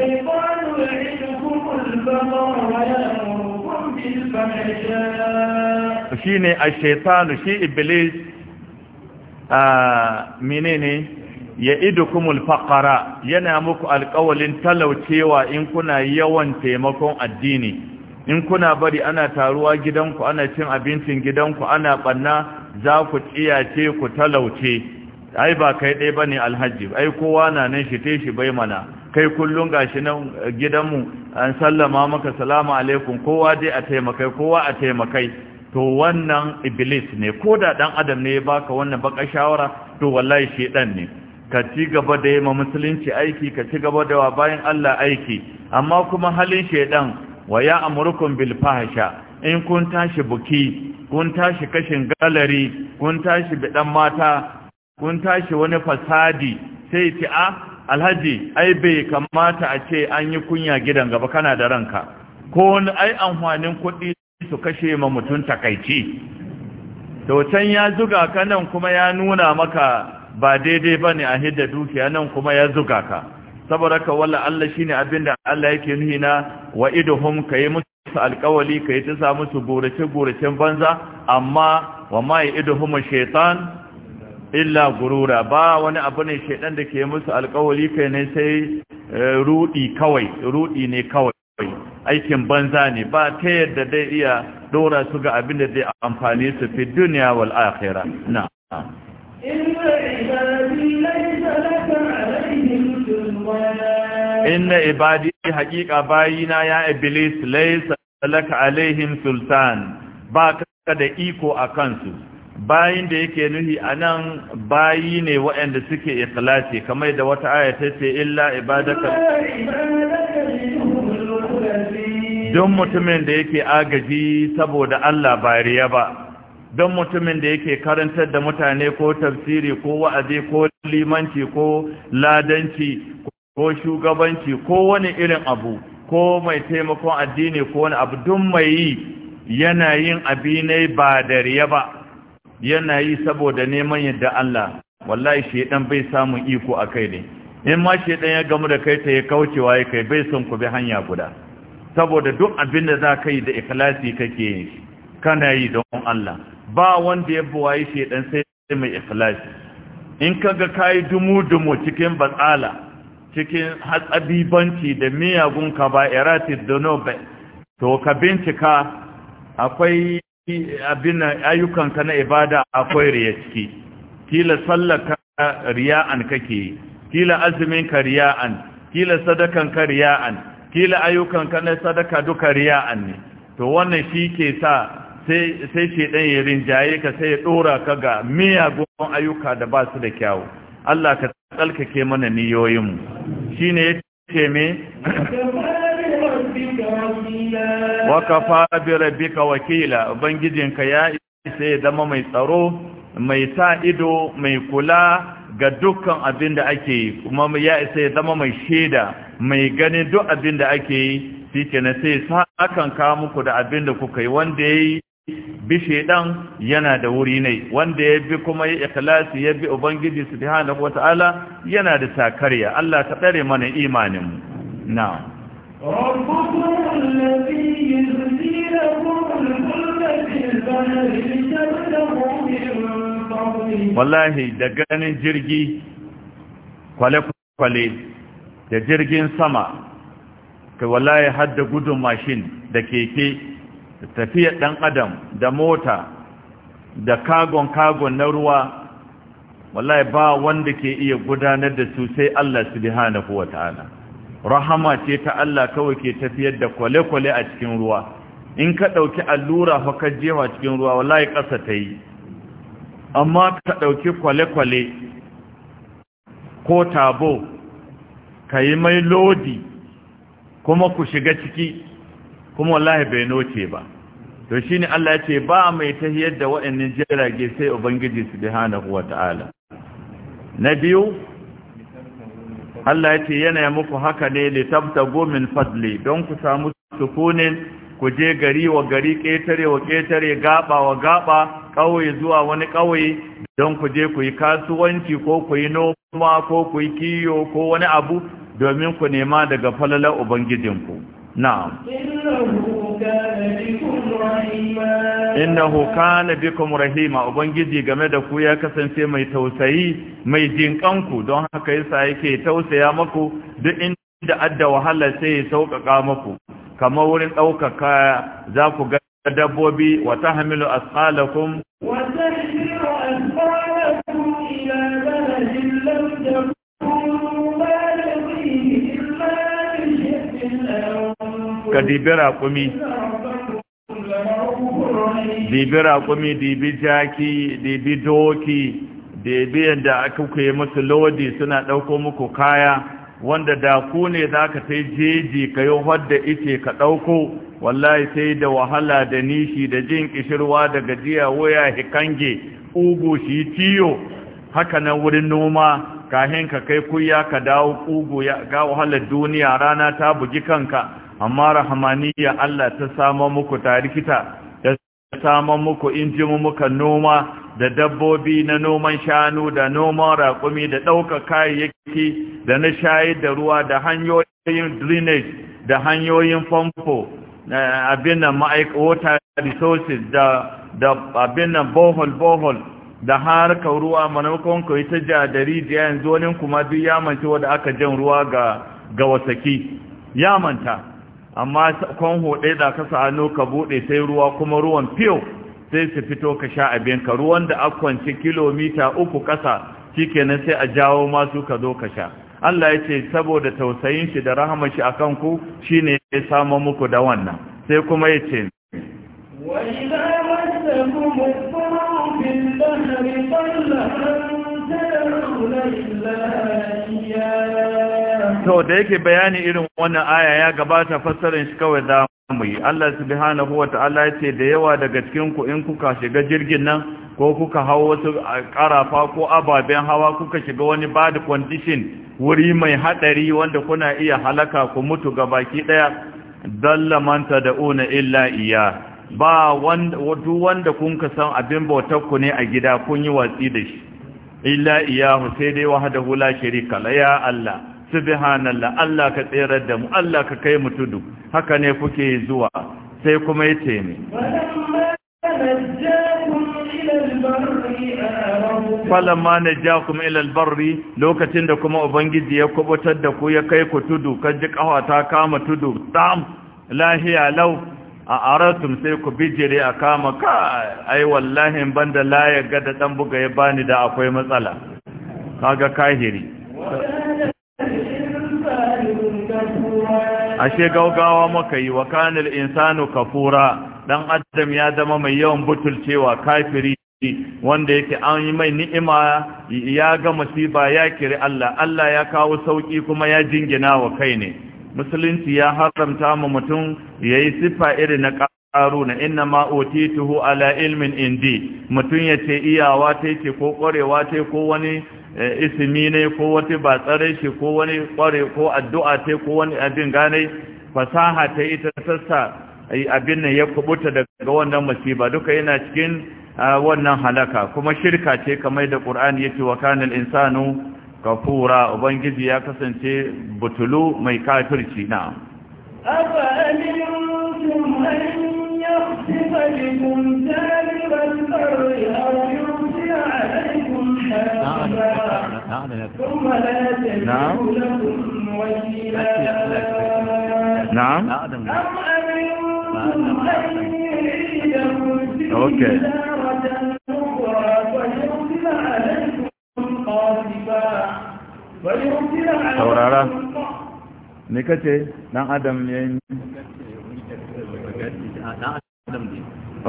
shine ash-shaytanu shi iblis a ah, menene ya idu Kumul faƙara, yana muku alƙawalin talaucewa in kuna yawan taimakon addini in kuna bari ana taruwa gidanku ana cin abincin gidanku ana ɓanna za ku tsiyace ku talauce ai ba kai ɗaya ne alhaji ai kowa na nan shi te shi bai mana kai kullum shi nan eh, gidanmu an sallama maka salamu alaikum kowa dai a taimakai kowa a taimakai to wannan iblis ne ko da ɗan adam ne ya baka wannan baka shawara to wallahi shi ɗan ne ka ci gaba da yi ma musulunci aiki ka ci gaba da wa bayan Allah aiki amma kuma halin shaidan wa ya amurkun bil fahsha in kun tashi buki kun tashi kashin galari kun tashi bidan mata kun tashi wani fasadi sai ti a ah, alhaji ai bai kamata a ce an yi kunya gidan gaba kana da ranka ko wani ai amfanin kuɗi su kashe ma mutum takaici to can ya zuga kanan kuma ya nuna maka ba daidai ba ne a hidda dukiya nan kuma ya zuga ka saboda ka wala Allah shine abinda da Allah yake nuhi na wa iduhum ka yi musu alkawali ka yi tisa musu gurace-guracen banza amma wa ma yi iduhum shaitan illa gurura ba wani abu ne shaytan da ke musu alkawali kai ne sai eh, rudi kawai rudi ne kawai aikin banza ne ba ta yadda dai iya dora su ga abin da zai amfani su fi duniya wal akhirah na'am inna ibadi haƙiƙa bayina ya iblis laisa laka alaihim sultan ba ka da iko a kansu bayin da yake nuhi anan bayi ne waɗanda suke ikhlasi kamar da wata aya ta ce illa ibadaka don mutumin da yake agaji saboda Allah bariya ba don mutumin da yake karantar da mutane ko tafsiri ko wa'azi ko limanci ko ladanci ko shugabanci ko wani irin abu ko mai taimakon addini ko wani abu don mai yi yana yin abinai ba dariya ba yana yi saboda neman yadda Allah wallahi shedan bai samun iko a kai ne in ma shedan ya gamu da kai ta ya kaucewa ya kai bai son ku bi hanya guda saboda duk abin da za ka yi da ikhlasi kake yi kana yi don Allah ba wanda ya buwaye shedan sai mai ikhlasi in kaga kai dumu-dumu cikin batsala cikin hatsabibanci da miyagun ka ba iratid dunobe to ka bincika akwai abin ayyukan ka na ibada akwai riya ciki kila sallaka riya'an kake kila azumin ka riya'an kila sadakan ka riya'an kila ayyukan ka na sadaka duka riya'an ne to wannan shi ke sa sai ɗan ya rinjaye ka sai ya ɗora ka ga miyagun ayyuka da ba su da kyawu Allah ka tsalkake mana niyoyinmu ya ce me waka kafa bi wakila ubangijinka ya isa ya zama mai tsaro mai sa ido mai kula ga dukkan abin da ake yi kuma ya isa ya zama mai shaida mai ganin duk abin da ake yi shi ke na sai sa akan kawo muku da abin da kuka yi wanda ya yi bishe yana da wuri ne wanda ya bi kuma ya ikhlasi ya bi ubangiji subhanahu wataala yana da takarya Allah ka ɗare mana imanin mu na'am wallahi da ganin jirgi kwale kwale da jirgin sama ka wallahi hadda gudun mashin da keke tafiyar ɗan adam da mota da kagon-kagon na ruwa wallahi ba wanda ke iya gudanar da su sai Allah subhanahu wa ta'ala rahama ce ta Allah kawai ke tafiyar da kwale-kwale a cikin ruwa in ka ɗauki allura fa ka jewa cikin ruwa wallahi ƙasa ta yi amma ka ɗauki kwale-kwale ko tabo ka yi mai lodi kuma ku shiga ciki kuma wallahi bai noce ba to shine Allah ya ce ba mai tahiyar da waɗannan jirage sai ubangiji subhanahu wata'ala na biyu Allah ya ce yana muku haka ne litabtagu min fadli don ku samu sukunin ku je gari wa gari ƙetare wa ƙetare gaba wa gaba ƙauye zuwa wani ƙauye don ku je ku yi kasuwanci ko ku yi noma ko ku yi kiyo ko wani abu domin ku nema daga falalar ubangijinku na'am innahu kana bikum rahima ubangiji game da ku ya kasance mai tausayi mai jinkanku don haka yasa yake tausaya muku duk inda adda wahala sai ya sauƙaƙa muku kamar wurin ɗaukaka za ku ga dabbobi wa tahmilu asqalakum wa ka dibi raƙumi dibi raƙumi dibi jaki dibi doki dibi yadda aka kuye musu lodi suna ɗauko muku kaya wanda da ku ne za ka sai jeji ka yi wadda ice ka ɗauko wallahi sai da wahala da nishi da jin ƙishirwa da gajiya waya hikange ugu shi tiyo haka nan wurin noma kahin ka kai kuya ka dawo ugu ya ga wahalar duniya rana ta bugi kanka amma rahamaniya Allah ta samo muku tarikita ta samo muku muka noma da dabbobi na noman shanu da noman raƙumi da ɗaukar kayayyaki da na shayar da ruwa da hanyoyin drainage da hanyoyin famfo abin nan water resources da abin nan bohol bohol da harkar ruwa manakon ku ta jadari da yanzu wani kuma duk manta wadda aka jan ruwa ga wasaki manta. amma kwanho ɗaya da ka sa hannu ka buɗe sai ruwa kuma ruwan fiyo sai su fito ka sha abinka ruwan da akwanci kilomita uku ƙasa shikenan sai a jawo masu ka zo ka sha Allah ya ce saboda tausayin shi da rahaman shi akan ku shine ya samu muku da wannan sai kuma ya ce وَإِذَا to da yake bayani irin wannan aya ya gabata fassarar shi kawai za mu yi Allah subhanahu wata'ala ya ce da yawa daga cikin ku in kuka shiga jirgin nan ko kuka hawo wasu karafa ko ababen hawa kuka shiga wani bad condition wuri mai hadari wanda kuna iya halaka ku mutu ga baki daya dalla man tad'una illa iya ba wanda duk wanda kun ka san abin bautar ku ne a gida kun yi watsi da shi illa iyahu sai dai wahdahu la sharika la ya Allah subhanallah Allah ka tsere da mu Allah ka kai mu tudu haka ne kuke zuwa sai kuma yace ne falamma najakum ila albarri lokacin da kuma ubangiji ya kubutar da ku ya kai ku tudu ka ji kawa ta kama tudu tam lahiya lau a aratum sai ku bijire a kama ka ai wallahi banda la ya ga da dan buga ya bani da akwai matsala kaga kahiri ashe gaugawa muka yi wa kanil insanu kafura dan adam ya zama mai yawan butulcewa kafiri wanda yake an yi mai ni'ima ya ga masiba ya kiri Allah Allah ya kawo sauki kuma ya jingina wa kai ne musulunci ya haramta mu mutum yayi sifa irin na na inna ma otituhu ala ilmin indi mutum ya ce iyawa ta ce ko ƙwarewa ta ko wani Eh, ismi ne ko wata ba tsare shi ko wani kware ko addu'a ce ko wani abin gane fasaha ta ita sassa abin nan ya kubuta daga wannan masiba duka yana cikin wannan halaka kuma shirka ce kamar da Qur'ani yake wa kanal insanu kafura ubangiji ya kasance butulu mai kafirci na أفأمنتم أن يخسف بكم جانب أو نعم نعم ne dan adam ya yi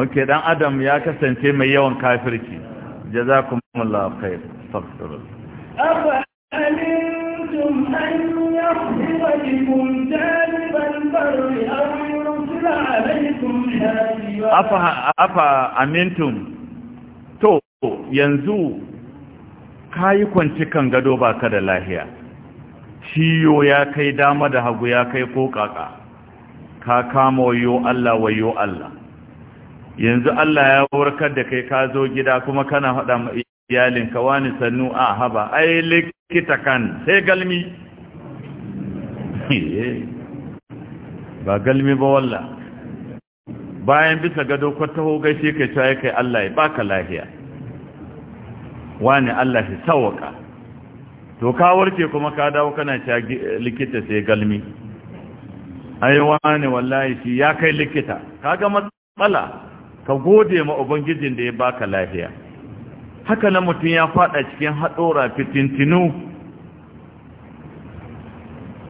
ok dan adam ya kasance mai yawan kafirki jaza kuma. الله خير استغفر الله أفأمنتم أن يخفر بكم جانب البر أو يرسل عليكم حاجبا أفأمنتم تو ينزو kayi kwanci kan gado ba ka da lahiya ciyo ya kai dama da hagu ya kai ko kaka ka kama wayo Allah wayo Allah yanzu Allah ya warkar da kai ka zo gida kuma kana faɗa Yalin ka wani sannu a haba ai likita kan sai galmi ba galmi ba walla bayan bisa gado kwataho gaishe kai cewa kai Allah ya baka lahiya wani Allah shi sawaka to ka warke kuma ka dawo kana cewa likita sai galmi ai wani wallahi shi ya kai likita kaga matsala ka gode ma ubangijin da ya baka lahiya haka na mutum ya fada cikin haɗora fitintinu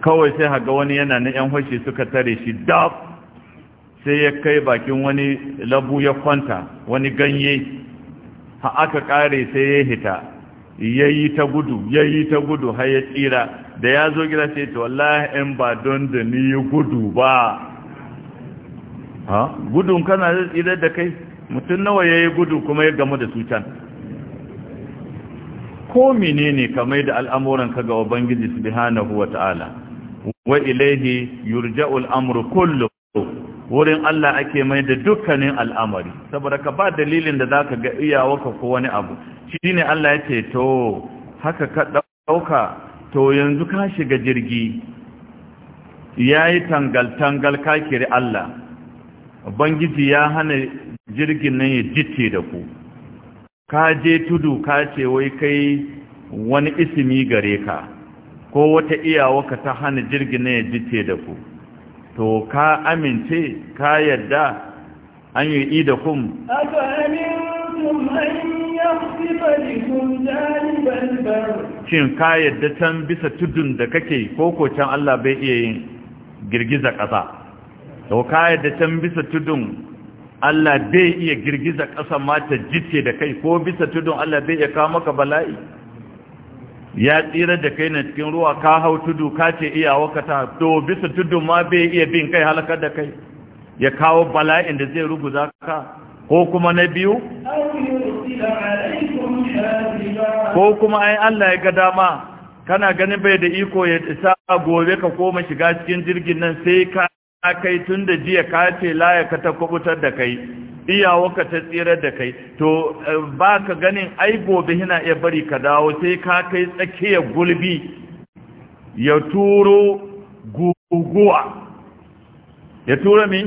kawai sai haga wani yana na 'yan hoshi suka tare shi daf sai ya kai bakin wani labu ya kwanta wani ganye ha aka kare sai ya hita ya yi ta gudu ya yi ta gudu har ya tsira da ya zo gida sai ta wallahi in ba don da ni gudu ba ha gudun kana zai tsira da kai mutum nawa ya yi gudu kuma ya gamu da su can ko menene ka mai da al'amuran ka ga ubangiji subhanahu wata'ala wa ilayhi yurja'ul amru kullu wurin Allah ake mai da dukkanin al'amari saboda ka ba dalilin da zaka ga iyawarka ko wani abu shine Allah yake to haka ka dauka to yanzu ka shiga jirgi yayi tangal tangal ka kiri Allah ubangiji ya hana jirgin nan ya jitte da ku ka je tudu ka ce wai kai wani isimi gare ka ko wata iyawaka ta hana jirgin ya jice da ku to ka amince ka yarda an yi ida kum shin ka yarda can bisa tudun da kake koko can Allah bai iya yin girgiza ƙasa to ka yarda can bisa tudun Allah bai iya girgiza ƙasa mata jice da kai ko bisa tudun Allah bai iya kawo maka bala'i ya tsira da kai na cikin ruwa ka hau tudu ka ce iya ta to bisa tudun ma bai iya bin kai halakar da kai ya kawo bala'in da zai ruguza ka ko kuma na biyu ko kuma ai Allah ya ga dama kana ganin bai da iko ya isa gobe ka koma shiga cikin jirgin nan sai ka A kai tun da jiya ka ce layaka ta kubutar da kai iyawaka ta tsirar da kai to eh, ba ka ganin ai gobe hina iya bari ka dawo sai ka kai tsakiyar gulbi ya turo guguwa ya turo mi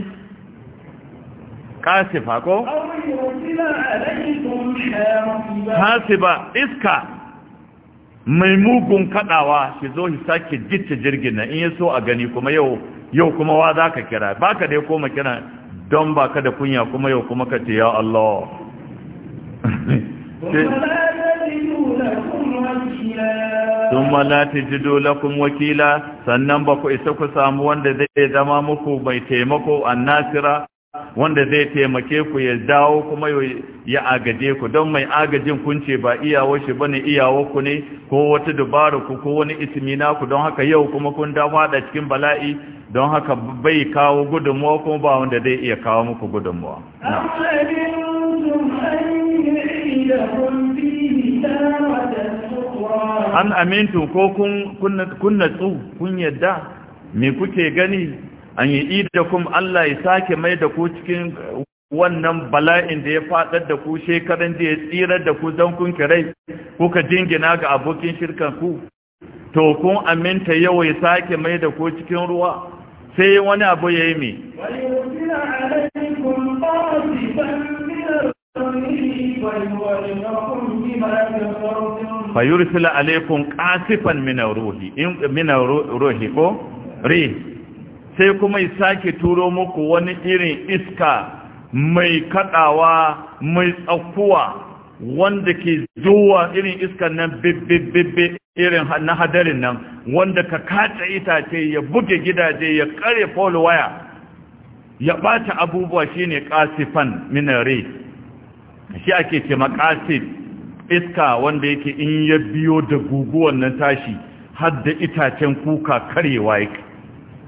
kasifa ko? kasifa iska mai mugun kadawa shi zo shi sake jitta jirgin na in ya so a gani kuma yau yau kuma wa za ka kira ba ka dai koma kira don ba ka da kunya kuma yau kuma ka ce ya Allah sun malati jido lakun wakila sannan ba ku isa ku samu wanda zai zama muku mai taimako nasira. wanda zai taimake ku ya dawo kuma ya agaje ku don mai agajin kun ce ba iyawo shi bane iyawo ku ne ko wata dubara ku ko wani ismi na ku don haka yau kuma kun da fada cikin bala'i don haka bai kawo gudunmuwa kuma ba wanda zai iya kawo muku gudunmuwa an amintu ko kun natsu kun yadda me kuke gani an yi kuma Allah ya sake mai da ku cikin wannan bala'in da ya faɗar da ku shekaran da ya tsirar da ku don kun kirai kuka jingina ga abokin shirkan ku to kun aminta yau ya sake mai da ku cikin ruwa sai wani abu ya yi mai fayursila alaikun kasifan mina ruhi ko? rih sai kuma ya sake turo muku wani irin iska mai kadawa mai tsakuwa wanda ke zuwa irin iskan nan bibbibbe irin na hadarin nan wanda ka kace itace ya buge gidaje ya kare pole waya ya bata abubuwa shine qasifan minare shi ake ce maqasif iska wanda yake in ya biyo da guguwan nan tashi har da itacen kuka karewa yake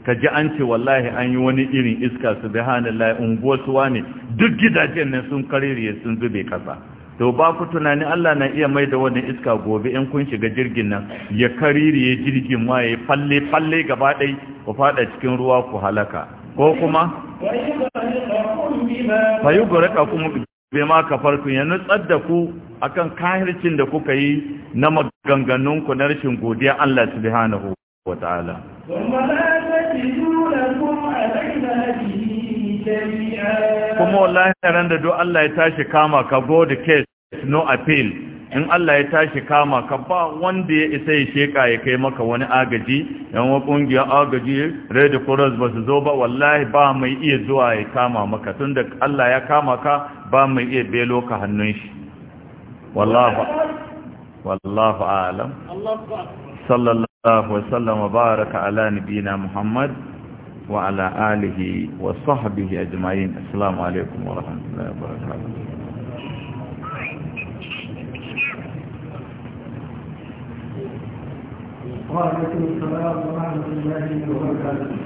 ka ji an ce wallahi an yi wani irin iska su bi hannun unguwasuwa ne duk gidajen ne sun karere sun zube kasa to ba ku tunani Allah na iya mai da wani iska gobe in kun shiga jirgin nan ya karere jirgin ma ya falle falle gaba ɗai ku fada cikin ruwa ku halaka ko kuma fayu ka kuma bai ma kafarku ya nutsar da ku akan kahircin da kuka yi na maganganun ku na rashin godiya Allah subhanahu wa ta'ala kuma wallahi ran da duk Allah ya tashi kama ka go the case no appeal in Allah ya tashi kama ka ba wanda ya isa ya sheka ya kai maka wani agaji yan wa kungiyar agaji red cross ba su zo ba wallahi ba mai iya zuwa ya kama maka tunda Allah ya kama ka ba mai iya belo ka hannun shi wallahi wallahi a'lam صلى الله وسلم وبارك على نبينا محمد وعلى آله وصحبه أجمعين السلام عليكم ورحمة الله وبركاته وعليكم السلام ورحمة الله وبركاته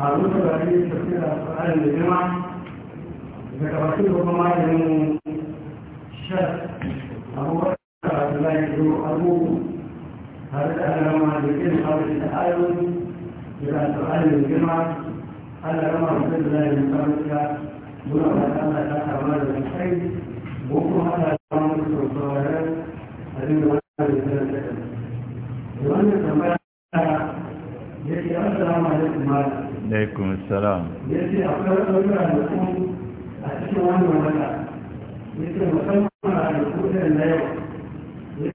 أعوذ بالله تفسير القرآن الجمعة ذكرت ربما يوم أبو بكر عبد الله أبو هذا أنا لما ذكر حول التعاون إلى سؤال الجمعة أنا لما أقول لا ينفعك دون أن أنا أتعامل من شيء بكرة هذا أمر الصلاة هذه عليكم السلام يجي أفكار أولى لكم أتكي وأنا ولا يجي مصمم على الكل اليوم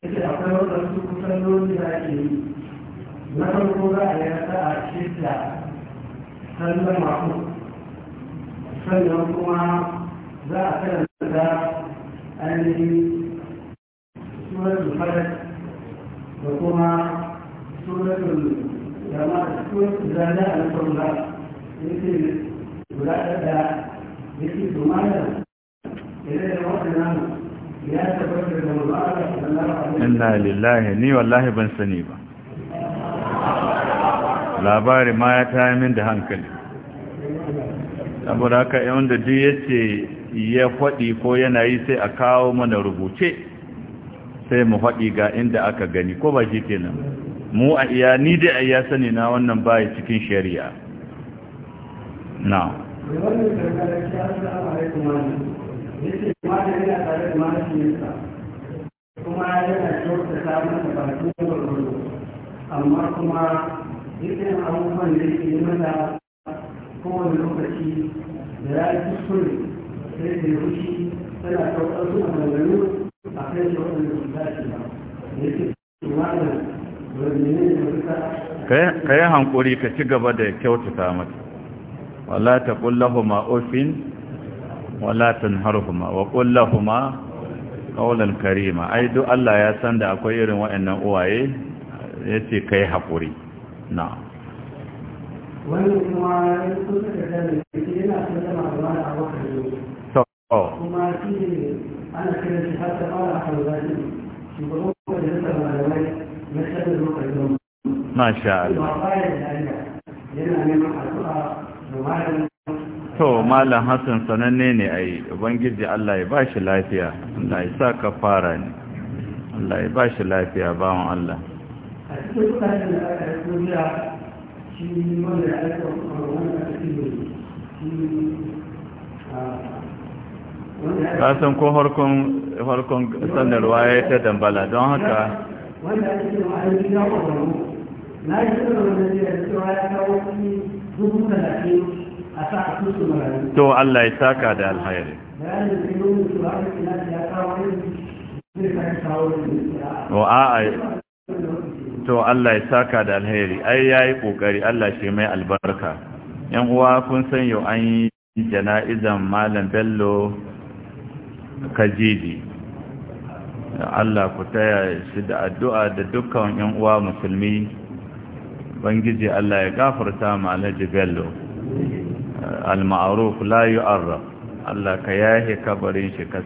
يجي أفكار أولى لكم sallolin da ake yi na farko za a yi rasa a shidda sallar mako sannan kuma za a karanta ainihin suratul falak da kuma suratul jama'a suratul zada al-qur'an yake guda da yake dumana ire da waɗannan inna lillahi ni wallahi ban sani ba labari ma ya ta min da hankali saboda haka yawan da duk yace ya faɗi ko yana yi sai a kawo mana rubuce sai mu faɗi ga inda aka gani ko ba shi kenan mu a iya ni dai a iya sani na wannan baya cikin shari'a na yana amma kuma dukkan abubuwan da yake yi mata kowane lokaci da ya yi kuskure sai da tana su a a kan shi su ba da yake da ne da ka yi hankuri ka ci gaba da kyautata mata wala ta kullahu ma'ofin wala tanharhuma wa qul karima ai duk Allah ya san da akwai irin waɗannan uwaye yace kai hakuri na wannan kuma kuka da yana son da malama da kuma shi ana kiran shi har da fara halwaji shi kuma kuma da ta malamai na shaɗin lokacin masha Allah yana neman da to malam hassan sananne ne a yi ubangiji allah ya ba shi lafiya allah ya sa ka fara ne allah ya ba shi lafiya bawon allah kasan ko harkon sanarwa ya ta dambala don haka wanda ake yi a yi na yi sanarwa da ya kawo kuma zubu da ne to Allah ya saka da alhairi wa a'a to Allah ya saka da alhairi ai yayi kokari Allah shi mai albarka yan uwa kun san yau an yi jana'izan malam bello kajiji Allah ku taya shi da addu'a da dukkan yan uwa musulmi bangiji Allah ya gafarta ma bello al-ma'ruf la yu'arraf Allah ka yahe kabarin shi ka